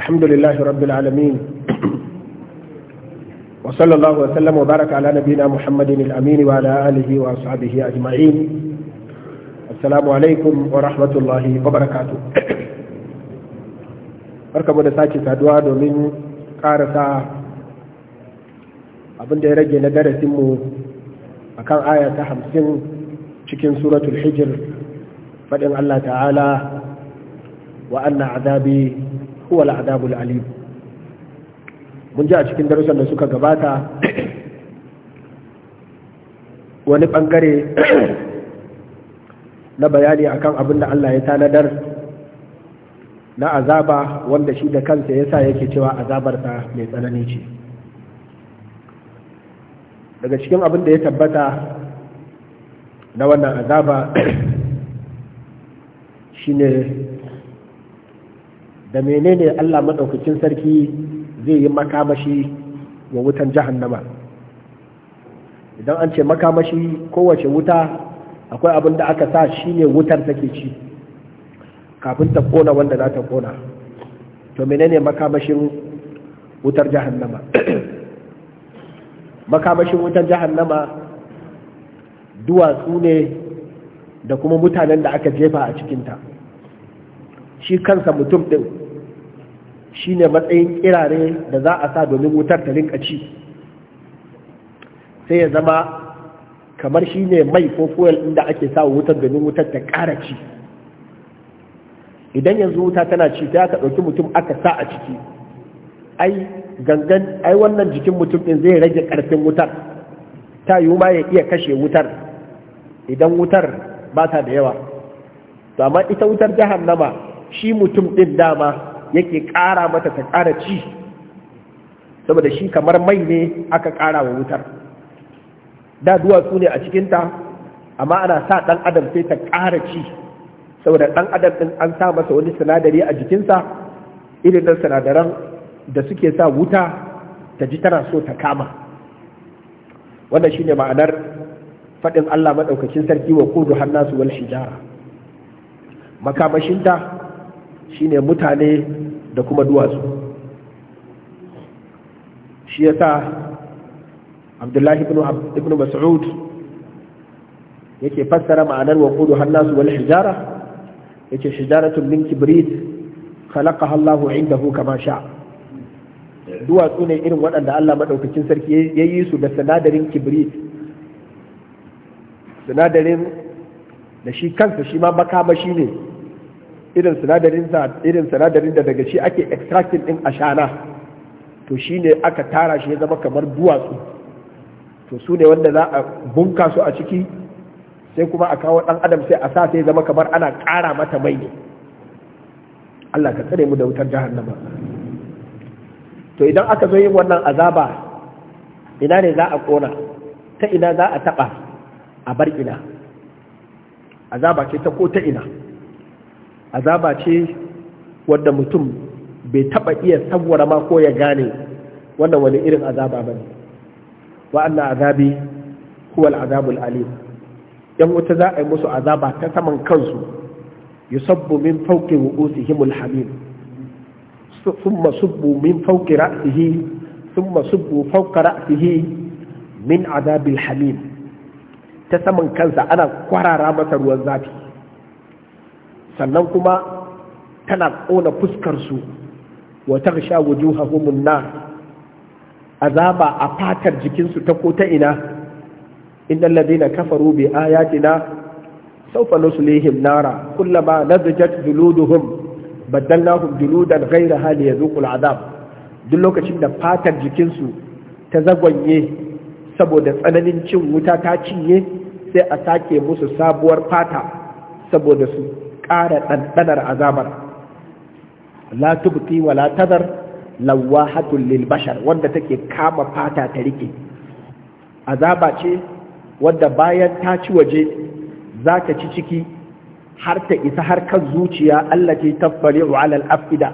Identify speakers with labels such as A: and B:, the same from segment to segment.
A: الحمد لله رب العالمين وصلى الله وسلم وبارك على نبينا محمد الأمين وعلى آله وأصحابه أجمعين السلام عليكم ورحمة الله وبركاته barkamu da sake saduwa domin karasa abin da ya rage na darasinmu a kan aya ta hamsin cikin suratul hijir faɗin Allah ta'ala wa anna azabi huwa al'adabul alim mun ji a cikin darussan da suka gabata wani bangare na bayani akan abin da Allah ya tanadar na azaba wanda shi da kansa yasa yake cewa azabarsa mai tsanani ce daga cikin abin da ya tabbata na wannan azaba shine da menene Allah maɗaukakin sarki zai yi makamashi wa wutan jahannama idan an ce makamashi kowace wuta akwai abin da aka sa shi ne wutar take ci kafin ta kona wanda za ta kona to menene makamashin wutar jahannama makamashin wutar jahannama duwatsu ne da kuma mutanen da aka jefa a cikinta shi kansa mutum ɗin Shi ne matsayin kirare da za a sa domin wutar ta rinka ci sai ya zama kamar shi ne mai ko fuel inda ake sa wutar domin wutar ta kara ci idan yanzu wuta tana ci ta ka ɗauki mutum aka sa a ciki ai gangan ai wannan jikin mutum ɗin zai rage ƙarfin wutar ta yiwu ma ya iya kashe wutar idan wutar ba ta da yawa to amma ita wutar jahannama shi mutum ɗin dama yake ƙara mata ta ƙara ci saboda shi kamar mai ne aka ƙara wa wutar da duwatsu ne a cikinta amma ana sa ɗan adam sai ta ƙara ci saboda ɗan adam ɗin an sa masa wani sinadari a jikinsa irin ɗan sinadaran da suke sa wuta ta ji tana so ta kama wannan shine ma'anar faɗin Allah maɗaukacin sarki wa kudu hannasu wal shijara makamashinta shine mutane da kuma duwatsu shi ya sa abdullahi ibn mas'ud yake fassara ma'anar wa kudu hannasu wani shijara yake shijaratun min kibrit khalaqa hallahu indahu kama sha duwatsu ne irin waɗanda Allah maɗaukacin sarki ya yi su da sinadarin kibrit sinadarin da shi kansa shi ma makamashi ne irin sinadarin irin sinadarin da daga shi ake extracting din ashana to shine aka tara shi ya zama kamar duwatsu to su ne wanda za a bunka su a ciki sai kuma a kawo dan adam sai a sa sai zama kamar ana ƙara mata mai ne Allah ka tsare mu da wutar jahannama to idan aka zo yin wannan azaba ina ne za a kona ta ina za a taba a bar ina azaba ce ta ko ta ina azaba ce wadda mutum bai taba iya sawwara ma ko ya gane wannan wani irin azaba ba ne wa'annan azabi huwa al'azabul alim yan wuta za a yi musu azaba ta saman kansu yusabbu min fawqi wuqusihim al-hamim thumma subbu min fawqi ra'sihi thumma subbu fawqa ra'sihi min azabil hamim ta saman kansa ana kwarara masa ruwan zafi sannan kuma tana ƙona fuskarsu wa ta sha wujuhahumun na azaba a fatar jikinsu ta ko ta ina inda ladina kafaru bi ayatina sawfa nuslihim nara kullama nadjat juluduhum baddalnahum juludan ghayraha liyazuqu al'adab duk lokacin da fatar jikinsu ta zagwanye saboda tsananin cin wuta ta cinye sai a sake musu sabuwar fata saboda su ƙara ɗanɗanar azabar la tubqi wa la tadar lawahatul lil bashar wanda take kama fata ta rike azaba ce wanda bayan ta ci waje za ta ci ciki har ta isa har kan zuciya Allah ke tabbari wa alal afida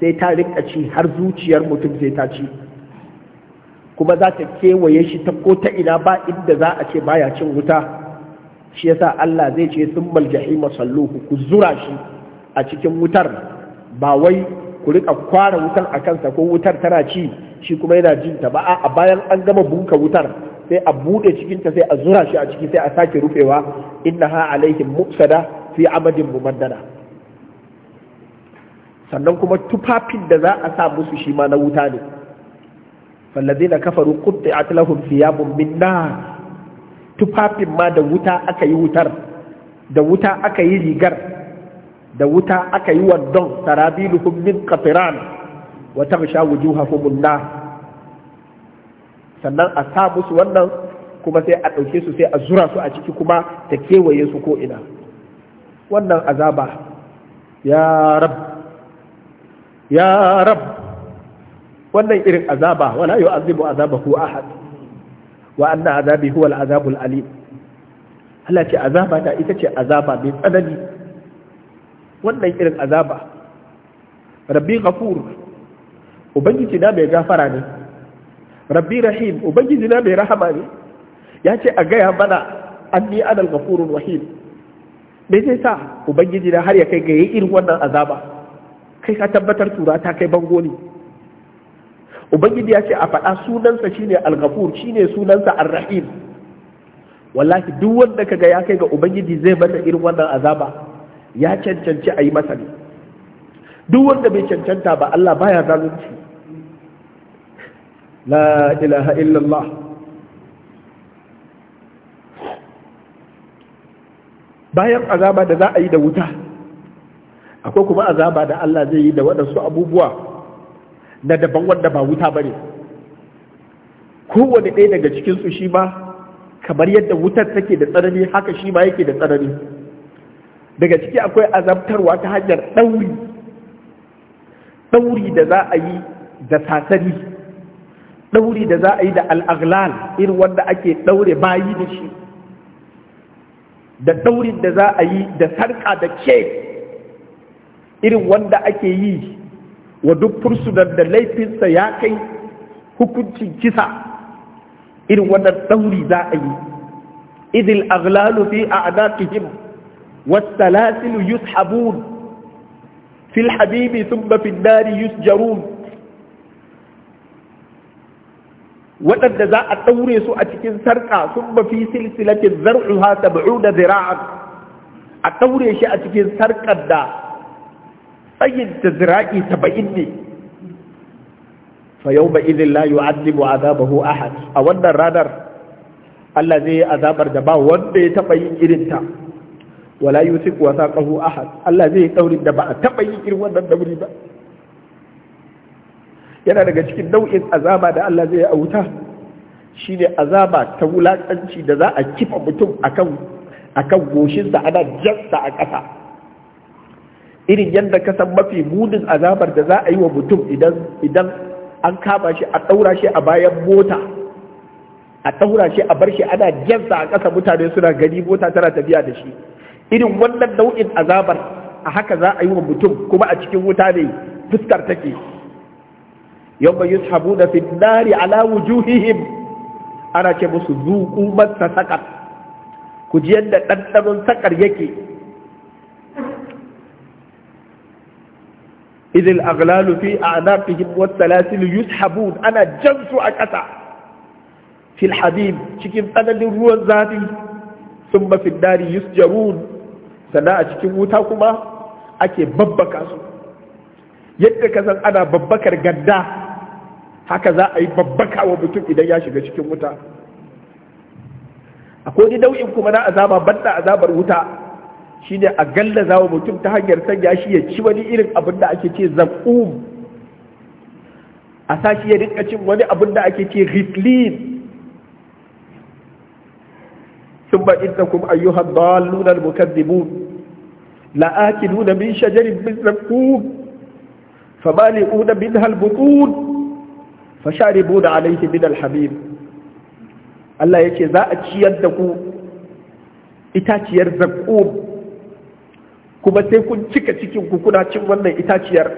A: sai ta rika ci har zuciyar mutum sai ta ci kuma za ta kewaye shi ta ko ta ina ba inda za a ce baya cin wuta shi yasa Allah zai ce sun jahima salluhu ku zura shi a cikin wutar ba wai ku rika kwara wutar a kansa ko wutar tana ci shi kuma yana jin ta ba a bayan an gama bunka wutar sai a bude cikinta sai a zura shi a ciki sai a sake rufewa ha alaihim muksada fi amadin mumaddada sannan kuma tufafin da za a sa musu shi ma na wuta ne fallazina kafaru qutti'at lahum thiyabun min nar tufafin ma da wuta aka yi wutar da wuta aka yi rigar da wuta aka yi wandon sarabiluhum min qatran wa taghsha wujuhahum an sannan a sa musu wannan kuma sai a ɗauke su sai a zura su a ciki kuma ta kewaye su ko ina wannan azaba ya rab ya rab wannan irin azaba wala yu'azibu azabahu ahad wa anna azabi huwa al-azabul alim Allah ce azaba ta ita ce azaba mai tsanani wannan irin azaba rabbi ghafur ubangiji na mai gafara ne rabbi rahim ubangiji na mai rahama ne ya ce a gaya mana an anni anal ghafurur Wahim, me zai sa ubangiji na har ya kai ga irin wannan azaba kai ka tabbatar tura ta kai bangoni. ne ubangiji ya ce a faɗa sunansa shine al-ghafur shine sunansa ar-rahim wallahi duk wanda kaga ya kai ga ubangiji zai masa irin wannan azaba ya cancanci a yi masa ne duk wanda bai cancanta ba Allah baya zalunci la ilaha illallah bayan azaba da za a yi da wuta akwai kuma azaba da Allah zai yi da waɗansu abubuwa na daban wanda ba wuta bane. kowane ɗaya daga cikinsu shi ma kamar yadda wutar take da tsanani haka shi ma yake da tsanani daga ciki akwai azabtarwa ta hanyar ɗauri ɗauri da za a yi da sasari ɗauri da za a yi da al'aglal irin wanda ake ɗaure bayi da shi da ɗaurin da za a yi da sarƙa da ke irin wanda ake yi wa duk fursunar da laifinsa ya kai hukuncin kisa irin wannan ɗauri za a yi idil aghlalu fi a'naqihim والسلاسل يسحبون في الحبيب ثم في النار يسجرون waɗanda za a ɗaure su a cikin sarƙa sun mafi silsilatin zar'uha sab'una zira'an a ɗaure shi a cikin sarƙar da tsayin da zira'i saba'in fa yau ba idin azabahu ahad a wannan ranar Allah zai yi azabar da ba wanda ya taɓa yin irin ta wala yusuf wa saqahu ahad Allah zai yi daurin da ba taɓa yin irin wannan dauri ba yana daga cikin nau'in azaba da Allah zai yi a wuta shine azaba ta wulakanci da za a kifa mutum akan akan goshinsa ana jansa a ƙasa irin yadda ka san mafi munin azabar da za a yi wa mutum idan an kama shi a ɗaura shi a bayan mota a ɗaura shi a bar shi ana gyansa a ƙasa mutane suna gani mota tana tafiya da shi irin wannan nau'in azabar a haka za a yi wa mutum kuma a cikin wuta ne fuskar take yawma yushabuna da nari ala wujuhihim ana ce musu zuqu masa saqat ku ji yadda ɗanɗanon sakar yake idil aglalu fi a'naqihim wat salasil yushabun ana jansu a ƙasa fil hadid cikin tsananin ruwan zafi sun mafi dari yusjarun sannan a cikin wuta kuma ake babbaka su yadda ka san ana babbakar ganda haka za a yi babbaka wa mutum idan ya shiga cikin wuta akwai wani nau'in kuma na azaba banda azabar wuta Shi ne a gallaza wa mutum ta hanyar sanya shi ya ci wani irin abin da ake ce zakum a sashi ya rinka cin wani abin da ake ce ritlin sun ba inda kuma ayyuhan dalunar mukaddimun la'akiluna min shajarin min zakum famali'una min halbutun da alaihi min alhamim Allah ya ce za a ciyar da ku itaciyar zakum kuma sai kun cika cikin ku kuna cin wannan itaciyar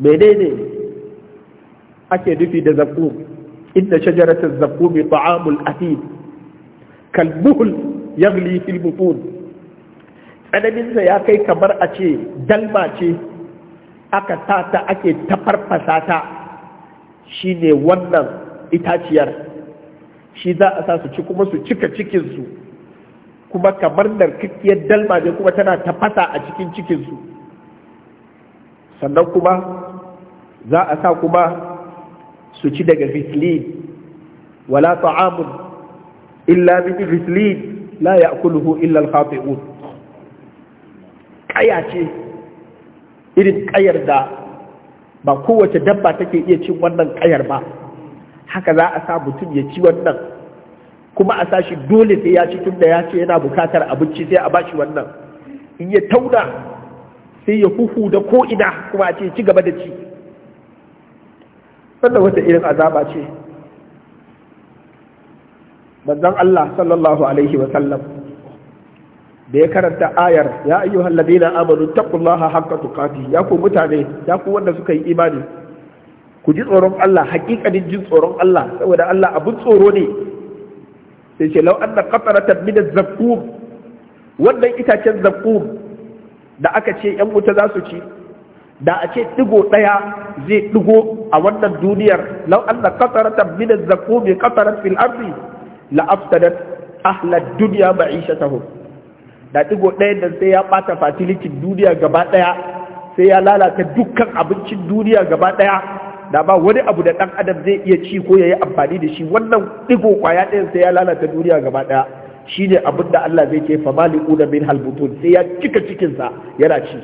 A: menene ake nufi da zakum inna shajarata zakumi ta'amul ahid kalbuhul yaghli fil butun tsananinsa ya kai kamar a ce dalma ce aka tata ake tafarfasa ta shine wannan itaciyar shi za a sa su ci kuma su cika cikinsu kuma kamar narkakkiyar dalma ne kuma tana tafasa a cikin cikinsu sannan kuma za a sa kuma su ci daga rislin wala ta'amun illa min rislin la ya'kuluhu illa al kaya ce irin kayar da ba kowace dabba take iya cin wannan kayar ba haka za a sa mutum ya ci wannan kuma a sashi dole sai ya ci tun da ya ce yana bukatar abinci sai a bashi wannan in ya tauna sai ya huhu da ko'ina kuma a ce ci gaba da ci wannan wata irin azaba ce manzan Allah sallallahu alaihi wa sallam da ya karanta ayar ya ayyuhal ladina amanu taqullaha haqqa tuqatih ya ku mutane ya ku wanda suka yi imani ku ji tsoron Allah hakikanin jin tsoron Allah saboda Allah abin tsoro ne sai ce lau anna qataratan min zakkum wannan itacen zakkum da aka ce yan wuta za su ci da a ce digo daya zai digo a wannan duniyar lau anna qataratan min az-zakkum qatarat fil ardi la aftadat ahla dunya ma'ishatahum da digo ɗayan da sai ya bata fatilitin duniya gaba daya sai ya lalata dukkan abincin duniya gaba daya da ba wani abu da dan adam zai iya ci ko ya yi amfani da shi wannan ɗigo kwaya ɗayan sai ya lalata duniya gaba ɗaya shi abin da Allah zai ce fa maliku da min halbutun sai ya cika cikinsa yana ci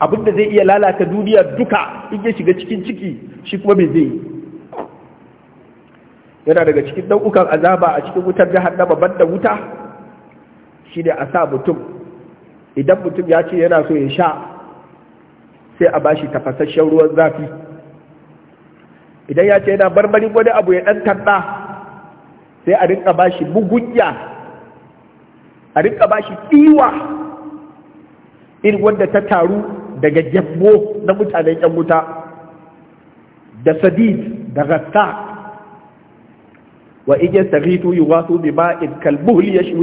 A: abin da zai iya lalata duniya duka in ya shiga cikin ciki shi kuma me zai yana daga cikin ɗau'ukan azaba a cikin wutar jahannama banda wuta shi a sa mutum idan mutum ya ce yana so ya sha sai a bashi tafasasshen ruwan zafi idan ya ce yana barbari wani abu ya ɗan tanɗa sai a rinka bashi bugunya a rinka bashi ɗiwa irin wanda ta taru daga jambo na mutanen yan wuta da sadid da rasta wa iya sagitu yi wasu bi ma'in kalbuhul ya shi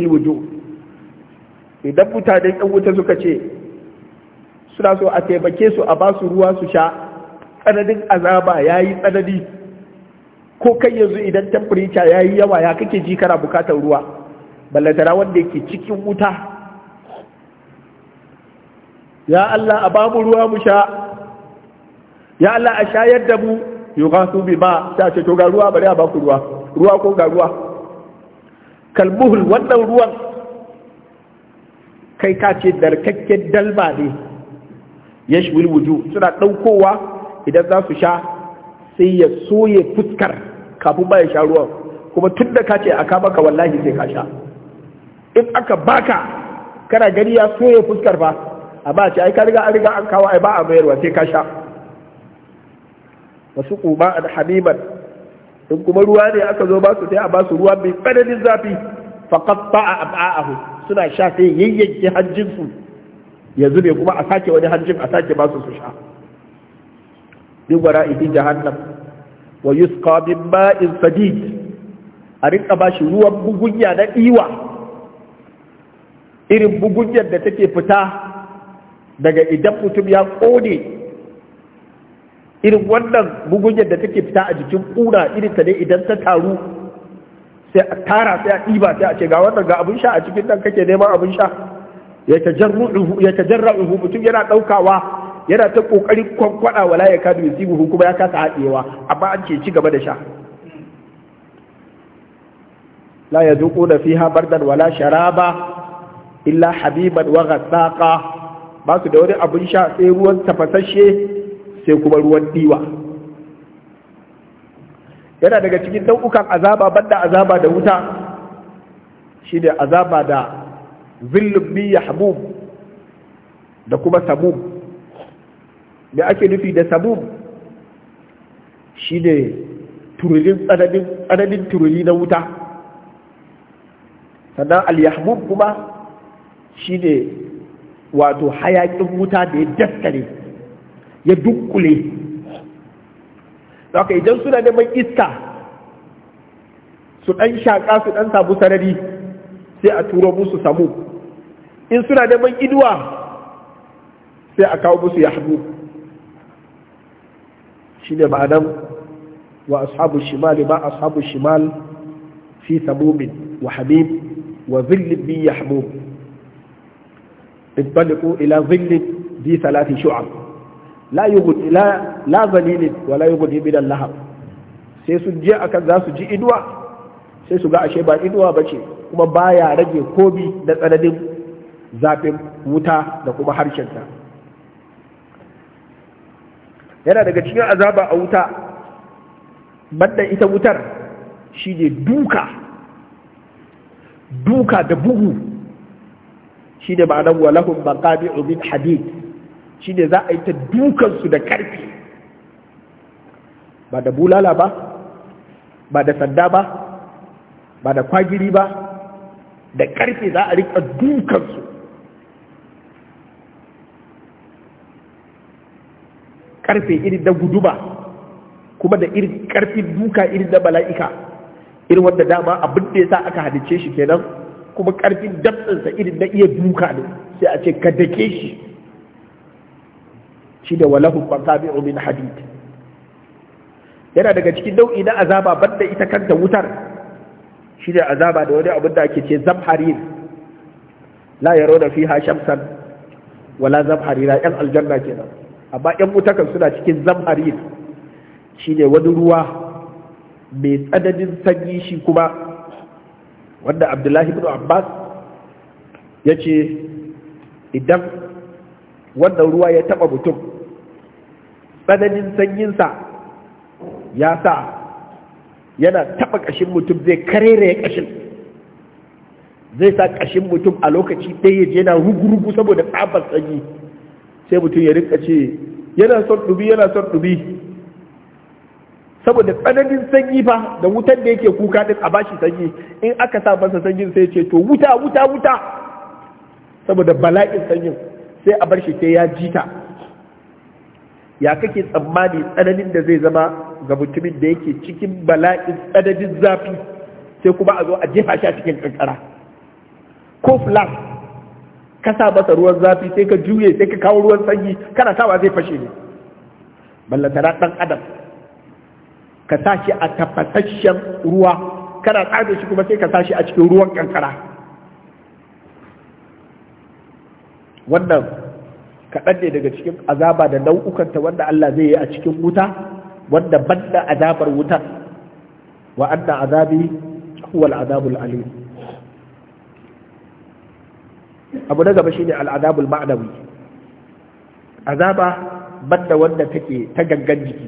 A: idan mutanen yan wuta suka ce suna so a taimake su a ba su ruwa su sha tsananin azaba ya yi tsanani ko kai yanzu idan temperature ya yi yawa ya kake ji kana bukatar ruwa balladara wanda yake cikin wuta ya Allah a ba mu ruwa mu sha ya Allah a shayar da mu su bi ba ta ce to ga ruwa bari a ba ku ruwa ruwa ko ga ruwa wannan ruwan kai ka ce darkakken dalma ne yashwil wuju suna ɗaukowa idan za su sha sai ya soye fuskar kafin ba ya sha ruwan kuma tun da ka ce aka baka wallahi sai ka sha in aka baka kana gani ya soye fuskar fa a ba ce ai ka riga an riga an kawo ai ba a mayarwa sai ka sha wasu kuma an hamiman in kuma ruwa ne aka zo ba su sai a ba su ruwa mai tsananin zafi faqat a ab'a'ahu suna sha sai yayyanke hanjinsu Yanzu ne kuma a sake wani hancin a sake ba su su sha bi gwara ifi jahannam wa yusqa min ma'in sadid a rinka ba shi ruwan bugunya na iwa irin bugunyar da take fita daga idan mutum ya kone irin wannan bugunyar da take fita a jikin kuna irin ta ne idan ta taru sai a tara sai a ɗiba sai a ce ga wannan ga abin sha a cikin nan kake neman abin sha uhu mutum yana daukawa yana ta kokari kwankwada wala ya kadu yusibuhu kuma ya kasa hadewa amma an ce ci gaba da sha la fi fiha bardan wala sharaba illa habiban wa ghasaqa ba su da wani abun sha sai ruwan tafasashe sai kuma ruwan diwa yana daga cikin nau'ukan azaba banda azaba da wuta shi da azaba da zillun bi yahmum da kuma samum me ake nufi da samum shine turulin tsananin tsananin turuli na wuta sannan al-yahmum kuma shine wato hayakin wuta da ya daskare ya dukkule Saka idan suna neman iska su ɗan shaƙa su ɗan sabu sarari sai a turo musu samu in suna neman inuwa sai a kawo musu ya hannu shi ne ma'anan wa ashabu shimal ba ashabu shimal fi samumin wa hamim wa zillin bi ya hamu انطلقوا إلى ظل ذي ثلاث شعب لا La لا wa ظليل ولا يغني من اللهب sai sun je akan za su ji inuwa sai su ga ashe ba inuwa bace ce kuma baya rage kobi da tsananin zafin wuta da kuma harshenta yana daga cikin azaba a wuta banda ita wutar shi ne duka duka da buhu shi ne ma'anar walahun makami min hadid shi ne za a yi ta dukansu da karfi ba da bulala ba ba da sanda ba ba da kwagiri ba da karfe za a rika dukansu karfe irin da guduba kuma da irin karfin duka irin da mala'ika irin wanda dama abin da ya sa aka hadice shi kenan kuma karfin dabtsinsa irin na iya duka ne sai a ce ka dake shi shi da walahu fantabi'u min hadid yana daga cikin nau'i na azaba banda ita kanta wutar shi da azaba da wani abin da ake ce zamharir la yaro da fiha shamsan wala zamharira yan aljanna kenan amma yan mutakan suna cikin shi ne wani ruwa mai tsananin sanyi shi kuma wanda abdullahi ibn abbas ya ce idan wannan ruwa ya taba mutum tsananin sanyinsa ya sa yana taba kashin mutum zai karere ya kashin zai sa kashin mutum a lokaci ɗaya yana rugu-rugu saboda tsabar sanyi sai mutum ya rika ce yana son dubi yana son dubi saboda tsananin sanyi fa da wutar da yake kuka din a bashi sanyi in aka sa masa sanyi sai ce to wuta wuta wuta saboda bala'in sanyin sai a bar shi sai ya jita ya kake tsammani tsananin da zai zama ga mutumin da yake cikin bala'in tsananin zafi sai kuma a zo a jefa shi a cikin kankara ko flask ka sa masa ruwan zafi sai ka juye sai ka kawo ruwan sanyi kana sawa zai fashe ne ballantana ɗan adam ka sa shi a tafasasshen ruwa kana tsada shi kuma sai ka sa shi a cikin ruwan kankara wannan kaɗan ne daga cikin azaba da nau'ukanta wanda Allah zai yi a cikin wuta wanda banda azabar wutar wa'anda azabi huwa azabul alim abu na gaba shine al'adabul ma'adawi azaba banda wanda take ta gangan jiki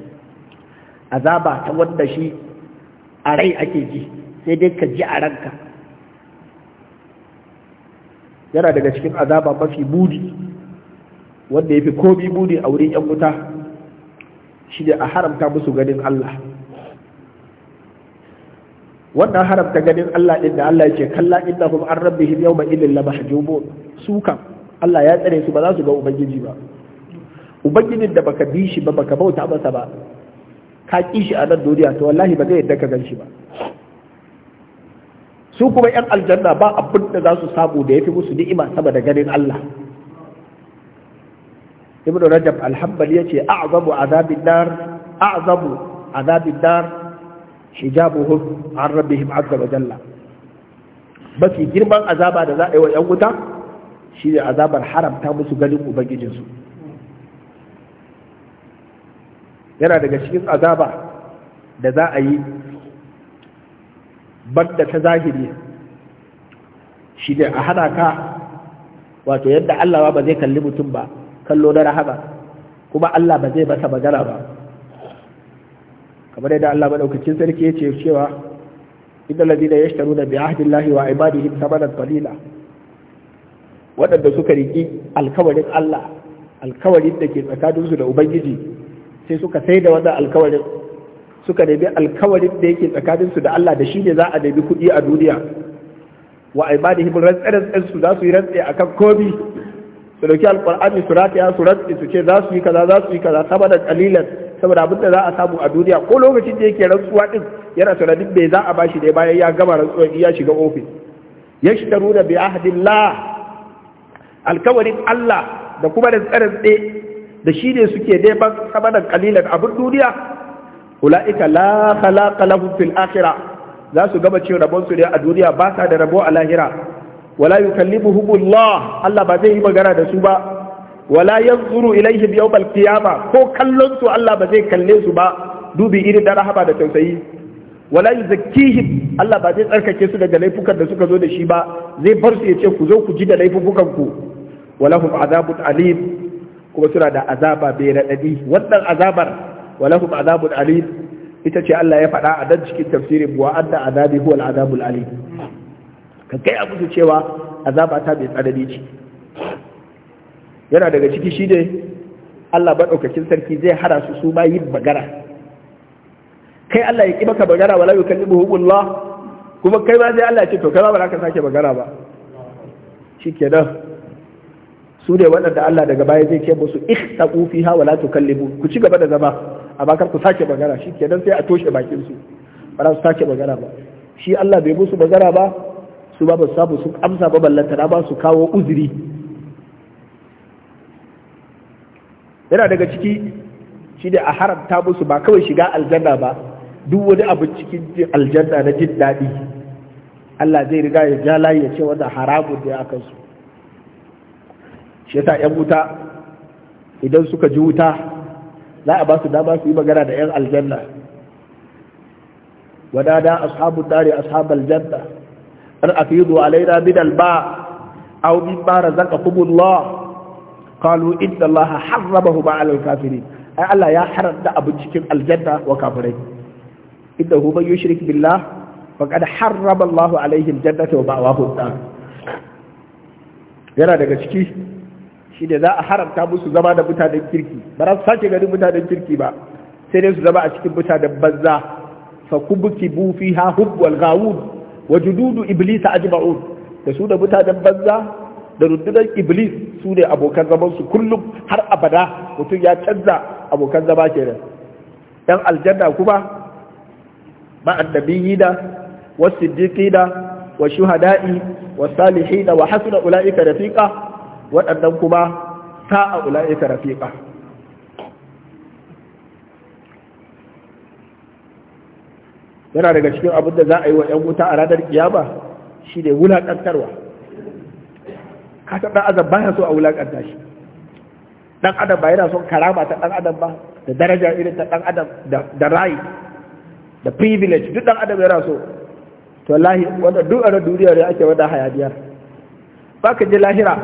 A: azaba ta wanda shi a rai ake ji sai dai ka ji a ranka yana daga cikin azaba mafi budi wanda ya fi komi budi a wurin 'yan wuta shi a haramta musu ganin Allah wannan haramta ganin Allah din da Allah yake kalla kuma an rabbihim yawma idin la mahjubun su kam Allah ya tsare su ba za su ga ubangiji ba ubangijin da baka bi shi ba baka bauta masa ba ka ki shi a nan duniya to wallahi ba zai yadda ka ganshi ba su kuma yan aljanna ba abin da za su samu da yafi musu ni'ima sama da ganin Allah ibnu rajab alhambali yace a'zamu azabin nar a'zamu azabin nar hijabuhum an rabbihim azza wa jalla mafi girman azaba da za a yi wa ‘yan wuta shi ne azabar haramta musu ganin ubangijinsu yana daga cikin azaba da za a yi banda ta zahiri shi ne a hana ka wato yadda Allah ba zai kalli mutum ba kallo na rahama kuma Allah ba zai masa magana ba kamar yadda Allah madaukakin sarki ya ce cewa idan ladina yashtaruna bi ahdillahi wa ibadihi thamanan qalila waɗanda suka riki alkawarin Allah alkawarin da ke tsakaninsu da ubangiji sai suka sai da wannan alkawarin suka nemi alkawarin da yake tsakaninsu da Allah da shi ne za a nemi kuɗi a duniya wa ibadihim rantsarantsan su za su yi rantsi akan komi su dauki alqur'ani su rataya su rantsi su ce za su yi kaza za su yi kaza saboda qalilan saboda abin da za a samu a duniya ko lokacin da yake rantsuwa din yana duk bai za a bashi ne bayan ya gama rantsuwa ya shiga ofis yashtaruna bi ahdillah alkawarin Allah da kuma da tsarin tsaye da shi ne suke neman samanan kalilan abin duniya ula'ika la khalaqa lahum fil akhirah za su gama cewa rabon su ne a duniya ba sa da rabo a lahira wala yukallimuhumullah Allah ba zai yi magana da su ba wala yanzuru ilaihi bi yawmal qiyama ko kallon su Allah ba zai kalle su ba dubi irin da rahaba da tausayi wala yuzakkihim Allah ba zai tsarkake su daga laifukan da suka zo da shi ba zai bar su ya ce ku zo ku ji da laifukan ku wala hum azabun alim kuma suna da azaba bai radadi wannan azabar wala hum azabun alim ita ce Allah ya faɗa a dan cikin tafsirin wa anna azabi huwa al-azabul alim ka kai abu cewa azaba ta bai tsanani ce yana daga ciki shi ne Allah ɗaukakin sarki zai hara su su ma yin bagara kai Allah ya ƙi maka bagara wala yukallimu hubullah kuma kai ma zai Allah ya ce to kai ma ba za ka sake magana ba nan, su ne waɗanda Allah daga baya zai ce musu ikhtaqu ha wala tukallimu ku ci gaba da zama amma kar ku sake ke nan sai a toshe bakin su ba za su sake bagara ba shi Allah bai musu bagara ba su ba ba su samu su amsa ba ballantana ba su kawo uzuri yana daga ciki shi da a haramta musu ba kawai shiga aljanna ba duk wani abin cikin aljanna na jin daɗi Allah zai riga ya ja layi ya ce wannan haramun da ya kansu shi yasa yan wuta idan suka ji wuta za a ba su dama su yi magana da yan aljanna ونادى أصحاب النار أصحاب الجنة أن أفيضوا ba. A الماء أو مما رزقكم الله Kalu inna allaha harramahu ala al-kafirin ai Allah ya haramta abu cikin aljanna wa kafirai innahu man yushrik billah faqad harrama Allahu alaihi al-jannata wa ma'wahu an yana daga ciki shi da za a haramta musu zama da mutanen kirki ba za su sake ganin mutanen kirki ba sai dai su zama a cikin mutanen banza fa kubuki bu fiha hubbal gawud wa jududu iblisa ajma'un da su da mutanen banza da rundunar iblis su ne abokan zamansu kullum har abada mutum ya canza abokan zama kenan yan aljanna kuma ma annabiyina was siddiqina wa shuhada'i wa salihina wa hasuna ulaika rafiqa waɗannan kuma sa'a ulaika rafiqa yana daga cikin abin da za a yi wa 'yan wuta a ranar kiyama shi ne wulaƙantarwa ka san dan adam baya so a wulakanta shi dan adam ba yana son karama ta dan adam ba da daraja irin ta dan adam da rai da privilege duk dan adam yana so to wallahi wanda duk a duniya ne ake wada hayaniyar ba ka je lahira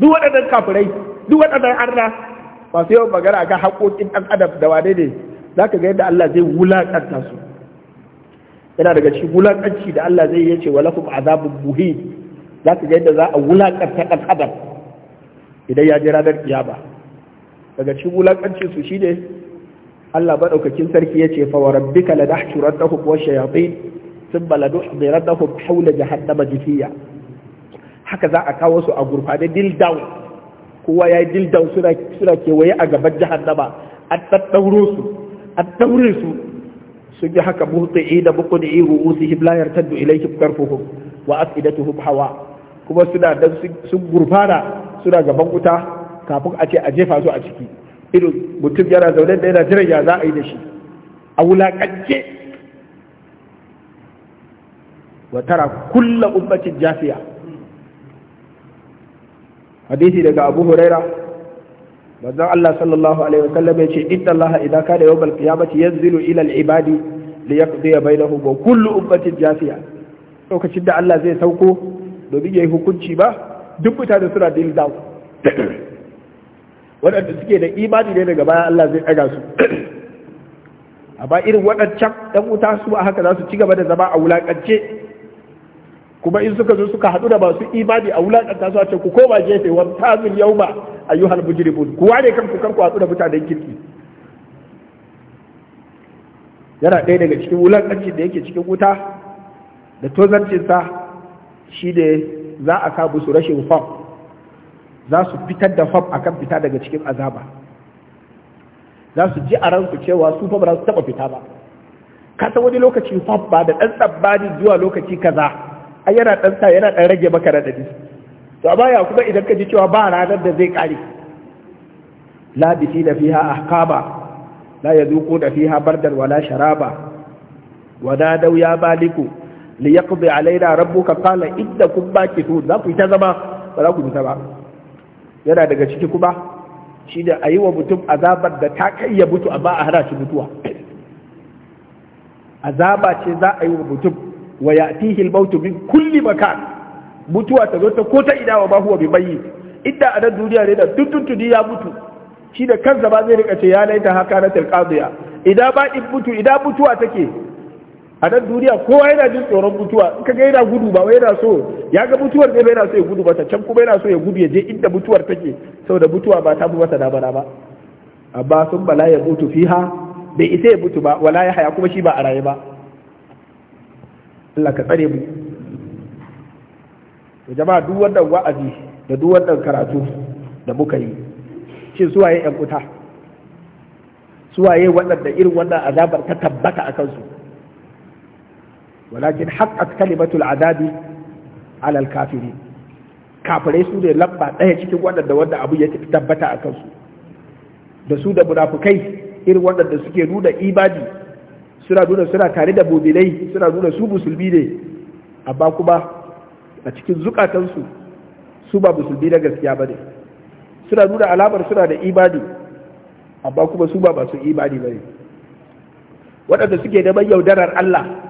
A: duk waɗannan kafirai duk waɗannan arna masu yawan magana ga haƙoƙin ɗan adam da wane ne za ka ga yadda Allah zai wulaƙanta su yana daga cikin wulaƙanci da Allah zai yace walakum azabun muhim za ka ga yadda za a wulaƙanta ɗan adam idan ya je ranar kiyama daga cikin wulaƙancin su shine Allah maɗaukakin sarki ya ce fa wa rabbika la dahshurannahum wa shayatin thumma la nuhdirannahum hawla jahannama jifiya haka za a kawo su a gurfane dil down kowa ya yi dil down suna suna kewaye a gaban jahannama an daddauro su an daure su sun yi haka muhti'i da muqni'i ru'usihim la yartaddu ilayhim tarfuhum wa afidatuhum hawa kuma suna dan sun gurfana suna gaban wuta kafin a ce a jefa su a ciki irin mutum yana zaune da yana jiran ya za a yi da shi a wulaƙance wa tara kulla ummatin jafiya hadisi daga abu huraira manzon Allah sallallahu alaihi wa sallam ce inna Allah idan kana yawmal qiyamati yanzilu ila al-ibadi liyaqdi bainahum wa kullu ummatin jafiya lokacin da Allah zai sauko domin ya yi hukunci ba duk mutane suna da down waɗanda suke da imani ne daga baya Allah zai ɗaga su amma irin waɗancan ɗan wuta su a haka za su ci gaba da zama a wulaƙance kuma in suka zo suka haɗu da masu imani a wulaƙanta su a ce ku koma jefe wa yau tazul yauma ayyuhal mujrimun kuwa ne kanku kanku haɗu da mutanen kirki yana ɗaya daga cikin wulaƙancin da yake cikin wuta da tozancinsa shi ne za a sabu su rashin fam za su fitar da fam akan fita daga cikin azaba za su ji a ransu cewa su fa ba su taba fita ba ka san wani lokaci fam ba da ɗan tsabbani zuwa lokaci kaza ai yana ɗan sa yana ɗan rage maka radadi to amma ya kuma idan ka ji cewa ba ranar da zai kare labisi da fiha ahkama la yazuqu da fiha bardan wala sharaba wada dau ya baliku li yaqdi alaina rabbuka qala iddakum baqitun za ku ta zama ba za ku ta ba yana daga ciki kuma shi da yi wa mutum azabar da ta kai ya mutu amma a hana shi mutuwa azaba ce za a yi wa mutum wa ya'tihi al-maut min kulli makan mutuwa ta zo ta ko ta ina wa ba huwa bi bayyi idda a nan duniya ne da tuntuntuni ya mutu shi da kansa ba zai rika ce ya laita haka na tilqadiya idan ba in mutu idan mutuwa take a nan duniya kowa yana jin tsoron mutuwa in kaga yana gudu ba wai yana so ya ga mutuwar ne ba yana so ya gudu mata can kuma yana so ya gudu ya je inda mutuwar take saboda mutuwa ba ta bi mata dama ba amma sun bala ya mutu fiha bai isa ya mutu ba wala ya haya kuma shi ba a raye ba Allah ka tsare mu jama'a duk wannan wa'azi da duk wannan karatu da muka yi shin suwaye yan kuta suwaye waɗanda irin wannan azabar ta tabbata a kansu walakin haqqat kalimatul adabi ala al-kafirin kafirai su ne lamba ɗaya cikin waɗanda wanda abu ya tabbata a kansu da su da munafukai irin waɗanda suke nuna imani suna nuna suna tare da mobilai suna nuna su musulmi ne amma kuma a cikin zukatansu su ba musulmi na gaskiya ba ne suna nuna alamar suna da imani amma kuma su ba masu imani ba ne waɗanda suke neman yaudarar Allah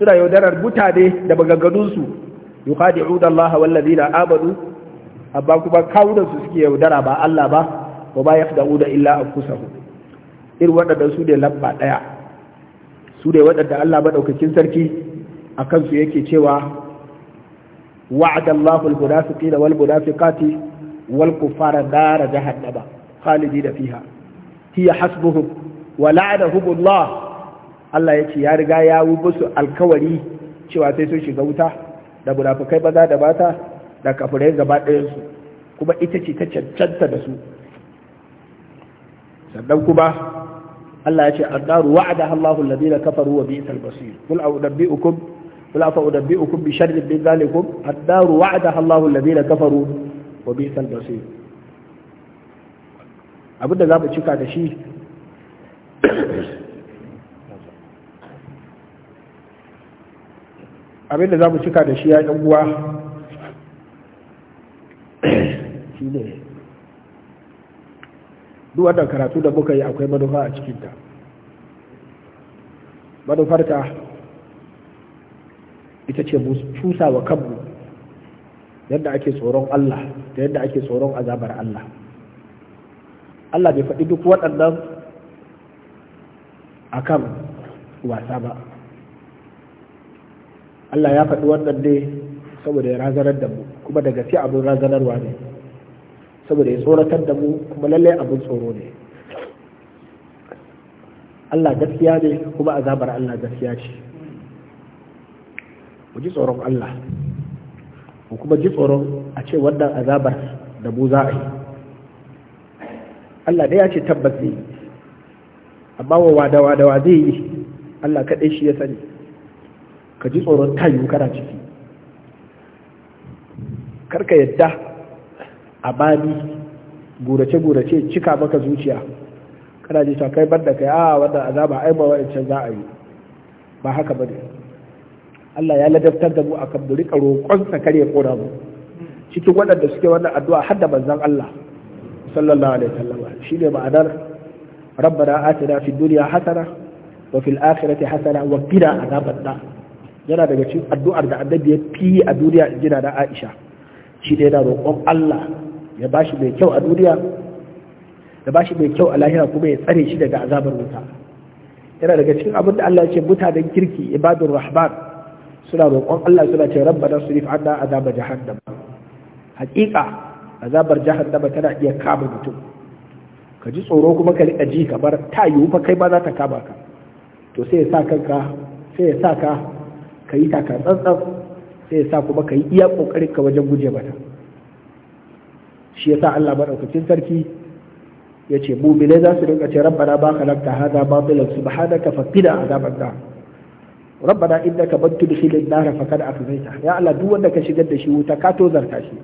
A: suna yaudarar mutane da maganganunsu yukhadi'una Allah wal ladina abadu. amma kuma kawunan suke yaudara ba Allah ba wa ba yakhda'una illa anfusahum irin waɗanda su ne lamba ɗaya su ne waɗanda Allah maɗaukakin sarki a kansu yake cewa wa'adallahu al-munafiqina wal munafiqati wal kuffara nar jahannama da fiha hiya hasbuhum wa la'anahumullah Allah ya ce ya riga ya wu musu alkawari cewa sai sun shiga wuta da munafukai maza da mata da kafirai gaba su kuma ita ce ta cancanta da su sannan kuma Allah ya ce annaru wa'ada Allahu alladhina kafaru wa bi'sal basir kul a'udabbi'ukum kul a'udabbi'ukum bi sharrin min dhalikum annaru wa'ada Allahu alladhina kafaru wa bi'sal basir abinda za mu cika da shi abinda za mu cika da shi ya ɗan uwa shi ne duk wannan karatu da muka yi akwai manufa a cikinta manufarta ita ce mu cusa wa kanmu yadda ake tsoron Allah da yadda ake tsoron azabar Allah Allah bai faɗi duk waɗannan a kan wasa ba Allah ya faɗi wannan ne saboda ya razanar da mu kuma da gaske abin razanarwa ne saboda ya tsoratar da mu kuma lallai abin tsoro ne Allah gaskiya ne kuma azabar Allah gaskiya ce mu ji tsoron Allah mu kuma ji tsoron a ce wannan azabar da mu za a yi Allah da ya ce tabbas zai yi amma wa wada wada wa zai yi Allah kaɗai shi ya sani ka ji tsoron tayu kana ciki karka yadda a bani gurace-gurace cika maka zuciya kana ji kai bar da kai a ah, wannan azaba ai ba wa'ancan za a yi ba haka ba ne. Allah ya ladabtar da mu a kan duri karo sa kare kora mu cikin waɗanda suke wannan addu'a har da manzon Allah sallallahu alaihi wasallam shine ma'anar ربنا آتنا في الدنيا Asira وفي الآخرة wa وقنا عذاب النار yana daga cikin addu'ar da annabi ya fi a duniya in jina na Aisha shi ne yana roƙon Allah ya bashi mai kyau a duniya ya bashi mai kyau a lahira kuma ya tsare shi daga azabar wuta yana daga cikin abin da Allah ya ce mutanen kirki Ibadun rahman suna roƙon Allah suna ce na surif anna azaba jahannam Hakika azabar jahannama tana iya kama mutum ka ji tsoro kuma ka riƙa ji kamar ta yiwu fa kai ma za ta kama ka to sai ya sa kanka sai ya sa ka ka yi taka tsantsan sai sa kuma ka yi iya kokarin ka wajen guje mata shi yasa Allah madaukakin sarki ya ce mu bile za su rinka ce rabbana ba hada ba batilan subhanaka faqina azaban nar rabbana innaka man tudkhilin nar faqad afzaita ya Allah duk wanda ka shigar da shi wuta ka tozarta shi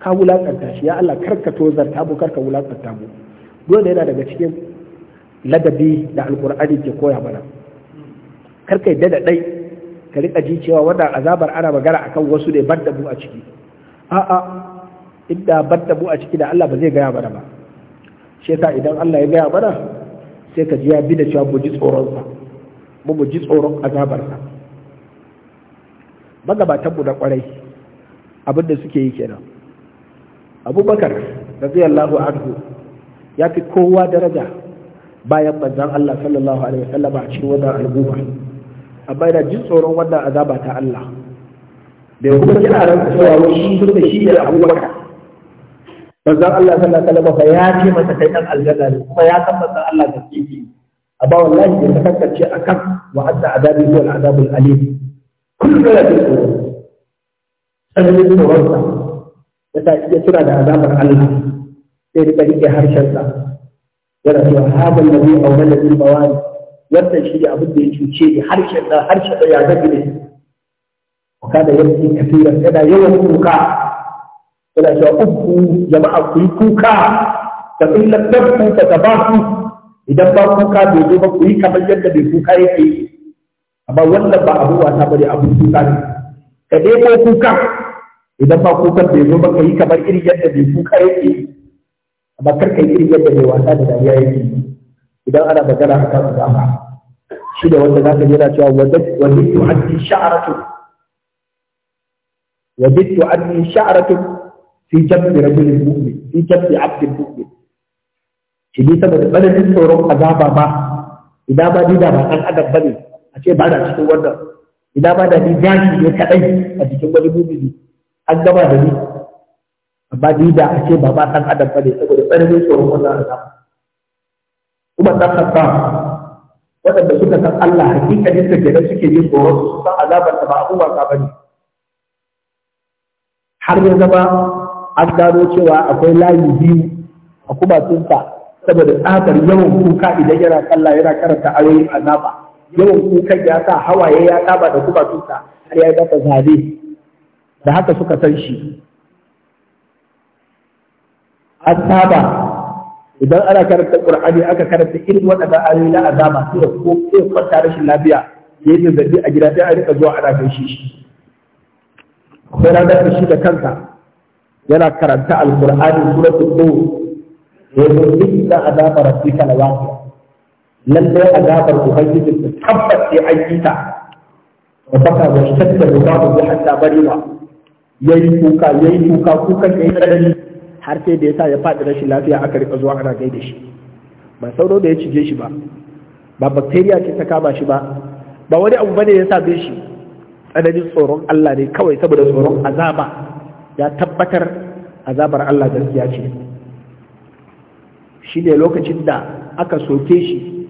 A: ka wulakanta shi ya Allah karka tozarta mu karka wulakanta mu dole yana daga cikin ladabi da alqur'ani ke koya mana karka yadda da ɗai ka riƙa ji cewa wannan azabar ana magana akan wasu ne ban da mu a ciki a'a inda ban da mu a ciki da Allah ba zai gaya mana ba shi yasa idan Allah ya gaya mana sai ka ji ya bi da cewa mu ji tsoron sa mu mu ji tsoron azabar sa magabatan mu na kwarai abin da suke yi kenan abubakar radiyallahu anhu ya fi kowa daraja bayan manzon Allah sallallahu alaihi wasallam a cikin wannan al'umma amma yana jin tsoron wannan azaba ta Allah da ya kuma yana ranka cewa wani shi da shi ya abubakar manzon Allah sallallahu alaihi wasallam ya ce masa kai dan aljanna ne kuma ya san manzon Allah da kike amma wallahi bai tafakkace akan wa adda adabi wal adabul alim kullu da yake tsoro sanin tsoron sa yasa ya tura da azabar Allah sai rika rike harshen sa yana cewa hadal ladhi awwala bil bawari wannan shi ne abin da ya cuce ni har shi da har shi da ya gabi ne wa kana yanki kafiran yana yawan kuka yana cewa uku jama'a ku yi kuka ta illar dabbu ta ku idan ba kuka bai zo ba ku yi kamar yadda bai kuka yake amma wannan ba abu wasa bane abu kuka ne ka dai ko kuka idan ba kukan bai zo ba ka yi kamar irin yadda bai kuka yake amma karka yi irin yadda bai wasa da dariya yake yi. idan ana magana a kan zama shi da wanda zaka yana cewa wadittu anni sha'ratu wadittu anni sha'ratu fi jabbi rajulin mu'min fi jabbi 'abdin mu'min shi ne saboda tsananin tsoron azaba ba idan ba ni da ba an adab bane a ce ba na cikin wannan idan ba da ni gashi ne kadai a cikin wani mu'mini an gama da ni amma ni da a ce ba ba san adab bane saboda tsananin tsoron wannan azaba Kuma dan Khattab waɗanda suka san Allah hakikalin da kenan suke yin tsoron su san azabar da ba abun bane har ya zama an gano cewa akwai layi biyu a kumatunsa saboda tsakar yawan kuka idan yana sallah yana karanta ayoyin azaba yawan kukan ya sa hawaye ya saba da kumatunsa har ya dafa zabe da haka suka san shi an saba idan ana karanta qur'ani aka karanta irin waɗannan ayoyi na azaba sai da ko sai kwanta rashin lafiya yayin da zabi a gida sai a rika zuwa ana gaishe shi sai ranar da shi da kanka yana karanta alqur'ani suratul nur yayin da inna azaba rabbika lawaqi lalle azabar ubangiji ta tabbas sai an yi ta wa baka wa shadda da babu hatta barima yayi kuka yayi kuka kuka yayi tsanani har sai da yasa ya faɗi rashin lafiya aka rika zuwa ana gaida shi ba sauro da ya cije shi ba ba bakteriya ce ta kama shi ba ba wani abu bane ya same shi tsananin tsoron Allah ne kawai saboda tsoron azaba ya tabbatar azabar Allah gaskiya ce shi ne lokacin da aka soke shi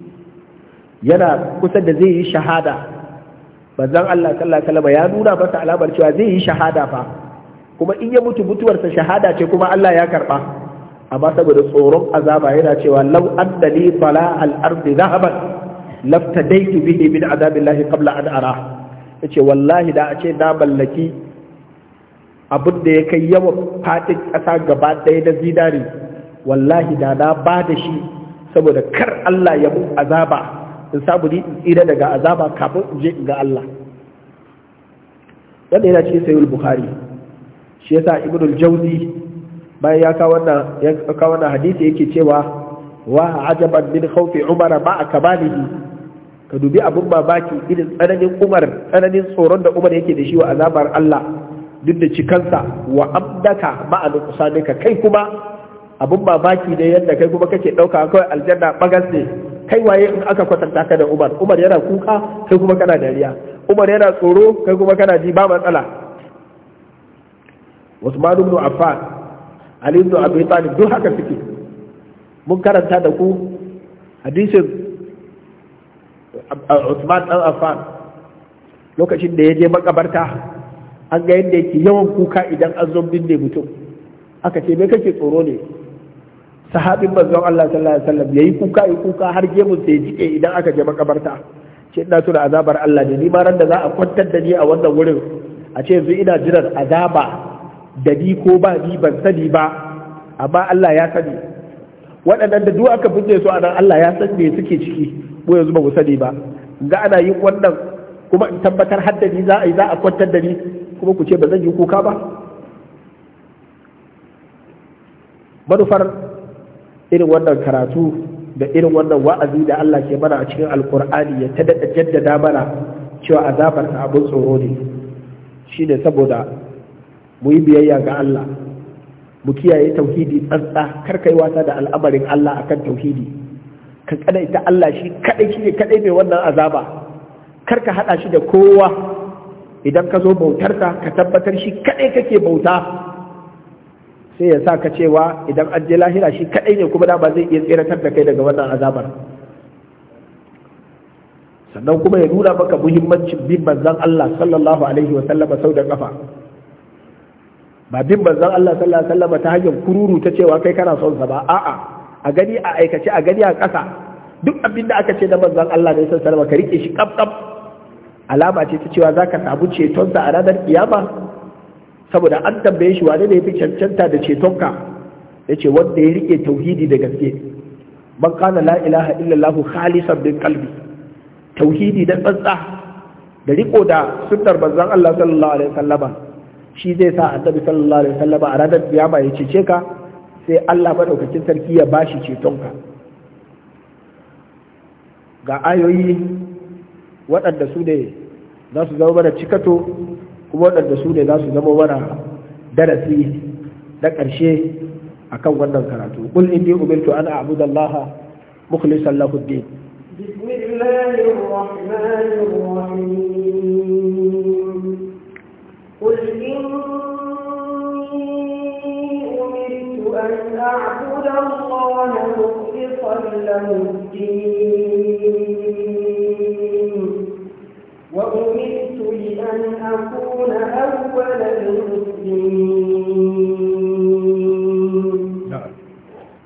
A: yana kusa da zai yi shahada bazan Allah sallallahu alaihi wasallam ya nuna masa alamar cewa zai yi shahada fa kuma in ya mutu mutuwarsa shahada ce kuma Allah ya karba amma saboda tsoron azaba yana cewa law anna li tala al ardi dhahaban laftadaitu bihi min adabillahi qabla an ara yace wallahi da a ce na mallaki abin da ya kai yawan fatin ƙasa gaba ɗaya na zinari wallahi da na ba da shi saboda kar Allah ya mun azaba in samu ni in tsira daga azaba kafin in je in ga Allah wannan yana cikin sayyid bukhari shi yasa ibnul jawzi bayan ya kawo wannan ya kawo wannan hadisi yake cewa wa ajaban min khawfi umara ma'a kamalihi ka dubi abun mamaki irin tsananin umar tsananin tsoron da umar yake da shi wa azabar Allah duk da cikansa wa abdaka ma'a nuqsanika kai kuma abun mamaki ne yadda kai kuma kake dauka kawai aljanna bagas ne kai waye in aka kwatanta ka da umar umar yana kuka kai kuma kana dariya umar yana tsoro kai kuma kana ji ba matsala Usman ibn Affan Ali ibn Abi Talib duk haka suke mun karanta da ku hadisin uh, Usman dan Affan lokacin da ya je makabarta an ga yadda yake yawan kuka idan an zo ne mutum aka ce me kake tsoro ne sahabin manzon Allah sallallahu alaihi wasallam yayi kuka yi kuka har gemun sai jike idan aka je makabarta ce ina tuna azabar Allah ne ni ma ran da za a kwantar da ni a wannan wurin a ce yanzu ina jiran azaba da bi ko ba bi ban sani ba amma Allah ya sani waɗannan da duk aka binne su anan Allah ya san me suke ciki ko yanzu ba mu sani ba ga ana yin wannan kuma in tabbatar haddani za a yi za a kwantar da ni kuma ku ce ba zan yi kuka ba manufar irin wannan karatu da irin wannan wa'azi da Allah ke mana a cikin alkur'ani ya ta daɗa jaddada mana cewa azabar abin tsoro ne shi ne saboda mu yi biyayya ga Allah mu kiyaye tauhidi tsantsa kar kai wasa da al'amarin Allah akan tauhidi ka kadaita Allah shi kadai shi ne kadai mai wannan azaba kar ka hada shi da kowa idan ka zo bautar ka tabbatar shi kadai kake bauta sai ya sa ka cewa idan an je lahira shi kadai ne kuma da ba zai iya tseratar da kai daga wannan azabar sannan kuma ya nuna maka muhimmancin bin manzon Allah sallallahu alaihi wa sallama sau da kafa ba bin manzon Allah sallallahu alaihi wasallam ta hanyar kururu ta cewa kai kana son sa ba a'a a gani a aikace a gani a ƙasa duk abin da aka ce da manzon Allah ne sallallahu alaihi wasallam ka rike shi kaf kaf alama ce ta cewa zaka samu ceton sa a ranar kiyama saboda an tambaye shi wane ne yafi cancanta da ceton ka yace wanda ya rike tauhidi da gaske man kana la ilaha illallah khalisan bil qalbi tauhidi da tsatsa da riko da sunnar manzon Allah sallallahu alaihi wasallam shi zai sa annabi sallallahu alaihi wasallam a ranar kiyama ya cece ka sai Allah madaukakin sarki ya bashi ceton ka ga ayoyi waɗanda su ne za su zama mana cikato kuma waɗanda su ne za su zama mana darasi na ƙarshe a kan wannan karatu ƙul inni umirtu an a'budallaha mukhlishan lahu din
B: له الدين وأمرت لأن أكون أول المسلمين نعم.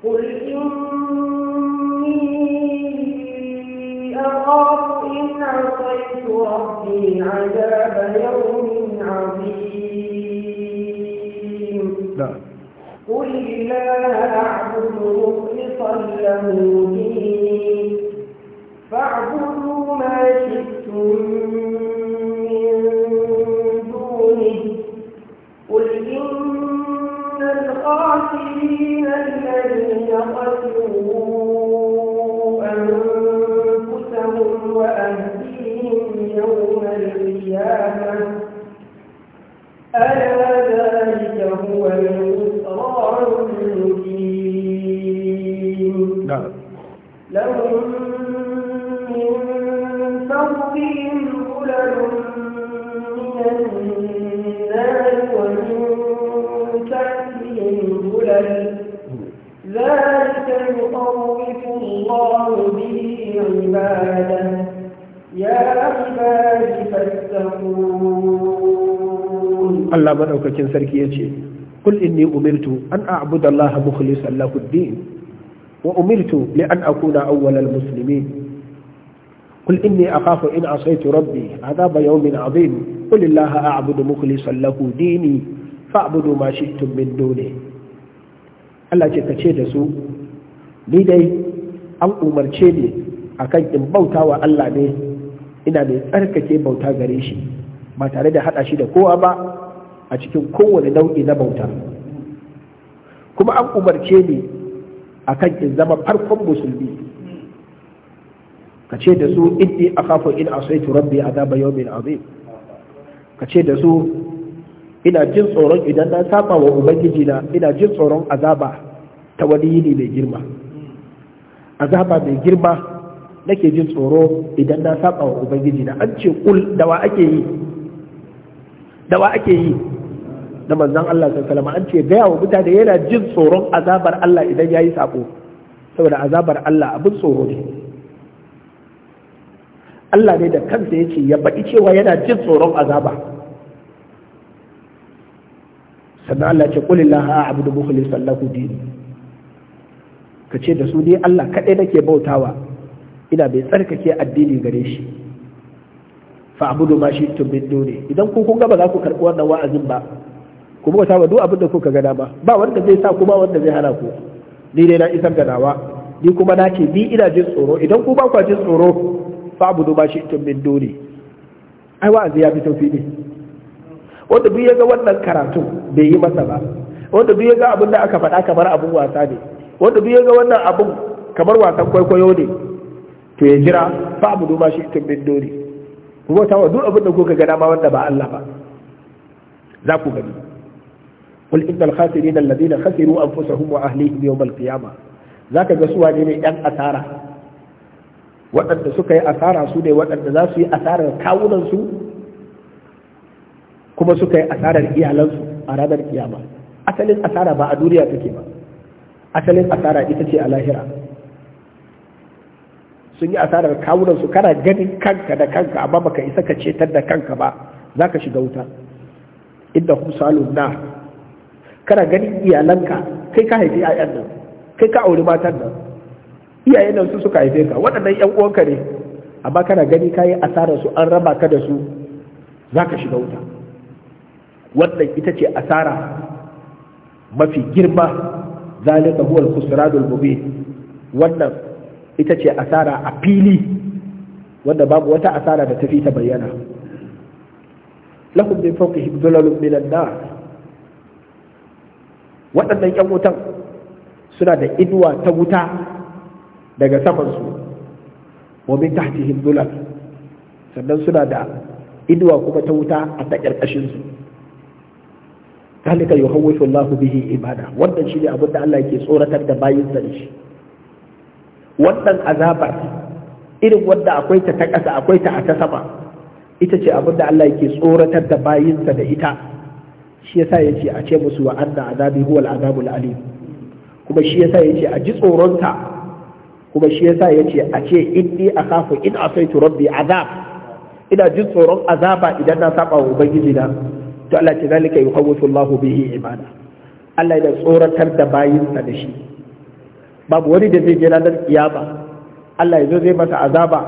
B: قل إني أخاف إن عصيت ربي عذاب يوم عظيم نعم. قل لا أعبد مخلصا له ألا ذلك هو الخسران المبين
A: madaukakin sarki ya ce kul inni umirtu an a'budu Allah mukhlishan lahu din wa umirtu li an akuna awwalal muslimin قل إني أخاف إن عصيت ربي عذاب يوم عظيم قل الله أعبد مخلصا له ديني فاعبدوا ما شئتم من دونه Allah ce ka ce da su ni dai an umarce ni akan in bauta wa Allah ne ina mai tsarkake bauta gare shi ba tare da haɗa shi da kowa ba a cikin kowane nau'i na bauta kuma an umarce ni a kan in zama farkon musulmi ka ce da su inni akhafu in asaitu rabbi azaba yawmin azim ka ce da su ina jin tsoron idan na saba wa ubangiji na ina jin tsoron azaba ta wani yini mai girma azaba mai girma nake jin tsoro idan na saba wa ubangiji na an ce kul dawa ake yi dawa ake yi na manzon Allah sallallahu alaihi an ce gaya wa mutane yana jin tsoron azabar Allah idan yayi sako saboda azabar Allah abin tsoro ne Allah ne da kansa ya ce ya faɗi cewa yana jin tsoron azaba sannan Allah ce abu a'budu mukhlishan sallahu dini ka ce da su ne Allah kaɗai nake bautawa ina bai tsarkake addini gare shi fa abudu ma shi tun dole idan ku kun ga ba za ku karɓi wannan wa'azin ba ku bauta wa duk abin da kuka ga dama ba wanda zai sa kuma wanda zai hana ku ni dai na isar da nawa ni kuma na ce ni ina jin tsoro idan ku ba ku jin tsoro fa abudu ba shi tun min dole ai wa'azi ya fi taufi ne wanda duk ya ga wannan karatu bai yi masa ba wanda duk ya ga abin da aka faɗa kamar abin wasa ne wanda duk ya ga wannan abin kamar wasan kwaikwayo ne to ya jira fa abudu ba shi tun min dole ku bauta wa duk abin da kuka ga dama wanda ba Allah ba za ku gani qul innal khasirin alladhina khasiru anfusahum wa ahlihim yawm al-qiyamah zaka ga su wane ne yan asara waɗanda suka yi asara su ne waɗanda za su yi asarar kawunansu kuma suka yi asarar iyalansu a ranar kiyama asalin asara ba a duniya take ba asalin asara ita ce a lahira sun yi asarar kawunansu kana ganin kanka da kanka amma baka isa ka cetar da kanka ba za ka shiga wuta inda kuma salon na kana ganin iyalanka kai ka haifi 'ya'yan nan kai ka auri matan nan iyayen nan su suka haife ka waɗannan 'yan uwanka ne amma kana gani kayi asarar su an raba ka da su za ka shiga wuta wannan ita ce asara mafi girma zalika huwa al-khusranul mubin wannan ita ce asara a fili wanda babu wata asara da ta fi ta bayyana lahum min fawqihim dhulalun minan nar waɗannan 'yan wutan suna da inuwa ta wuta daga samansu wa min tahtihim dhulal sannan suna da inuwa kuma ta wuta a ta ƙarƙashin su zalika yuhawwifu Allahu bihi ibada wannan shi abin da Allah yake tsoratar da bayin sa shi wannan azabar irin wanda akwai ta ta ƙasa akwai ta a ta sama ita ce abin da Allah yake tsoratar da bayin sa da ita shi yasa yace a ce musu wa anna azabi huwa al-azabul kuma shi yasa yace a ji tsoronta kuma shi yasa yace a ce inni akhafu in asaitu rabbi azab ina jin tsoron azaba idan na saba wa ubangiji na to Allah ta zalika yuhawwisu Allahu bihi ibada Allah ya tsoratar da bayinsa da shi babu wani da zai je ranar kiyama Allah ya zo zai masa azaba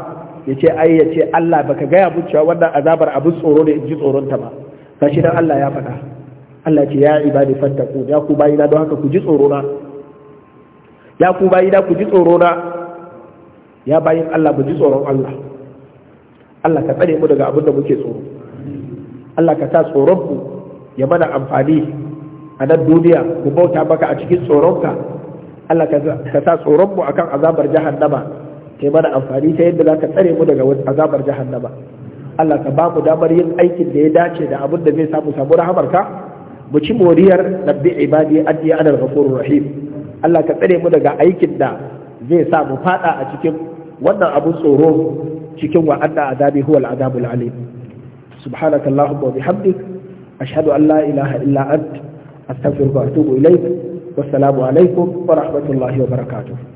A: ya ce ai ya ce Allah baka gaya mun cewa wannan azabar abin tsoro ne in ji tsoronta ta ba gashi dan Allah ya faɗa Allah ce ya ibadi fattaku ya ku bayina don haka ku ji tsoro na ya ku bayina ku ji tsoro na ya bayin Allah ku ji tsoron Allah Allah ka tsare mu daga abin da muke tsoro Allah ka sa tsoron ku ya mana amfani a nan duniya ku bauta maka a cikin tsoronka Allah ka sa tsoron mu akan azabar jahannama ta yi mana amfani ta yadda za ka tsare mu daga azabar jahannama Allah ka ba mu damar yin aikin da ya dace da abin da zai samu samu rahamarka mu ci moriyar rabbi ibadi addi adal ghafurur rahim Allah ka tsare mu daga aikin da zai sa mu fada a cikin wannan abun tsoro cikin wa adda adabi huwal adabul alim subhanaka allahumma wa bihamdik ashhadu an la ilaha illa ant wa atubu alaikum wa rahmatullahi wa barakatuh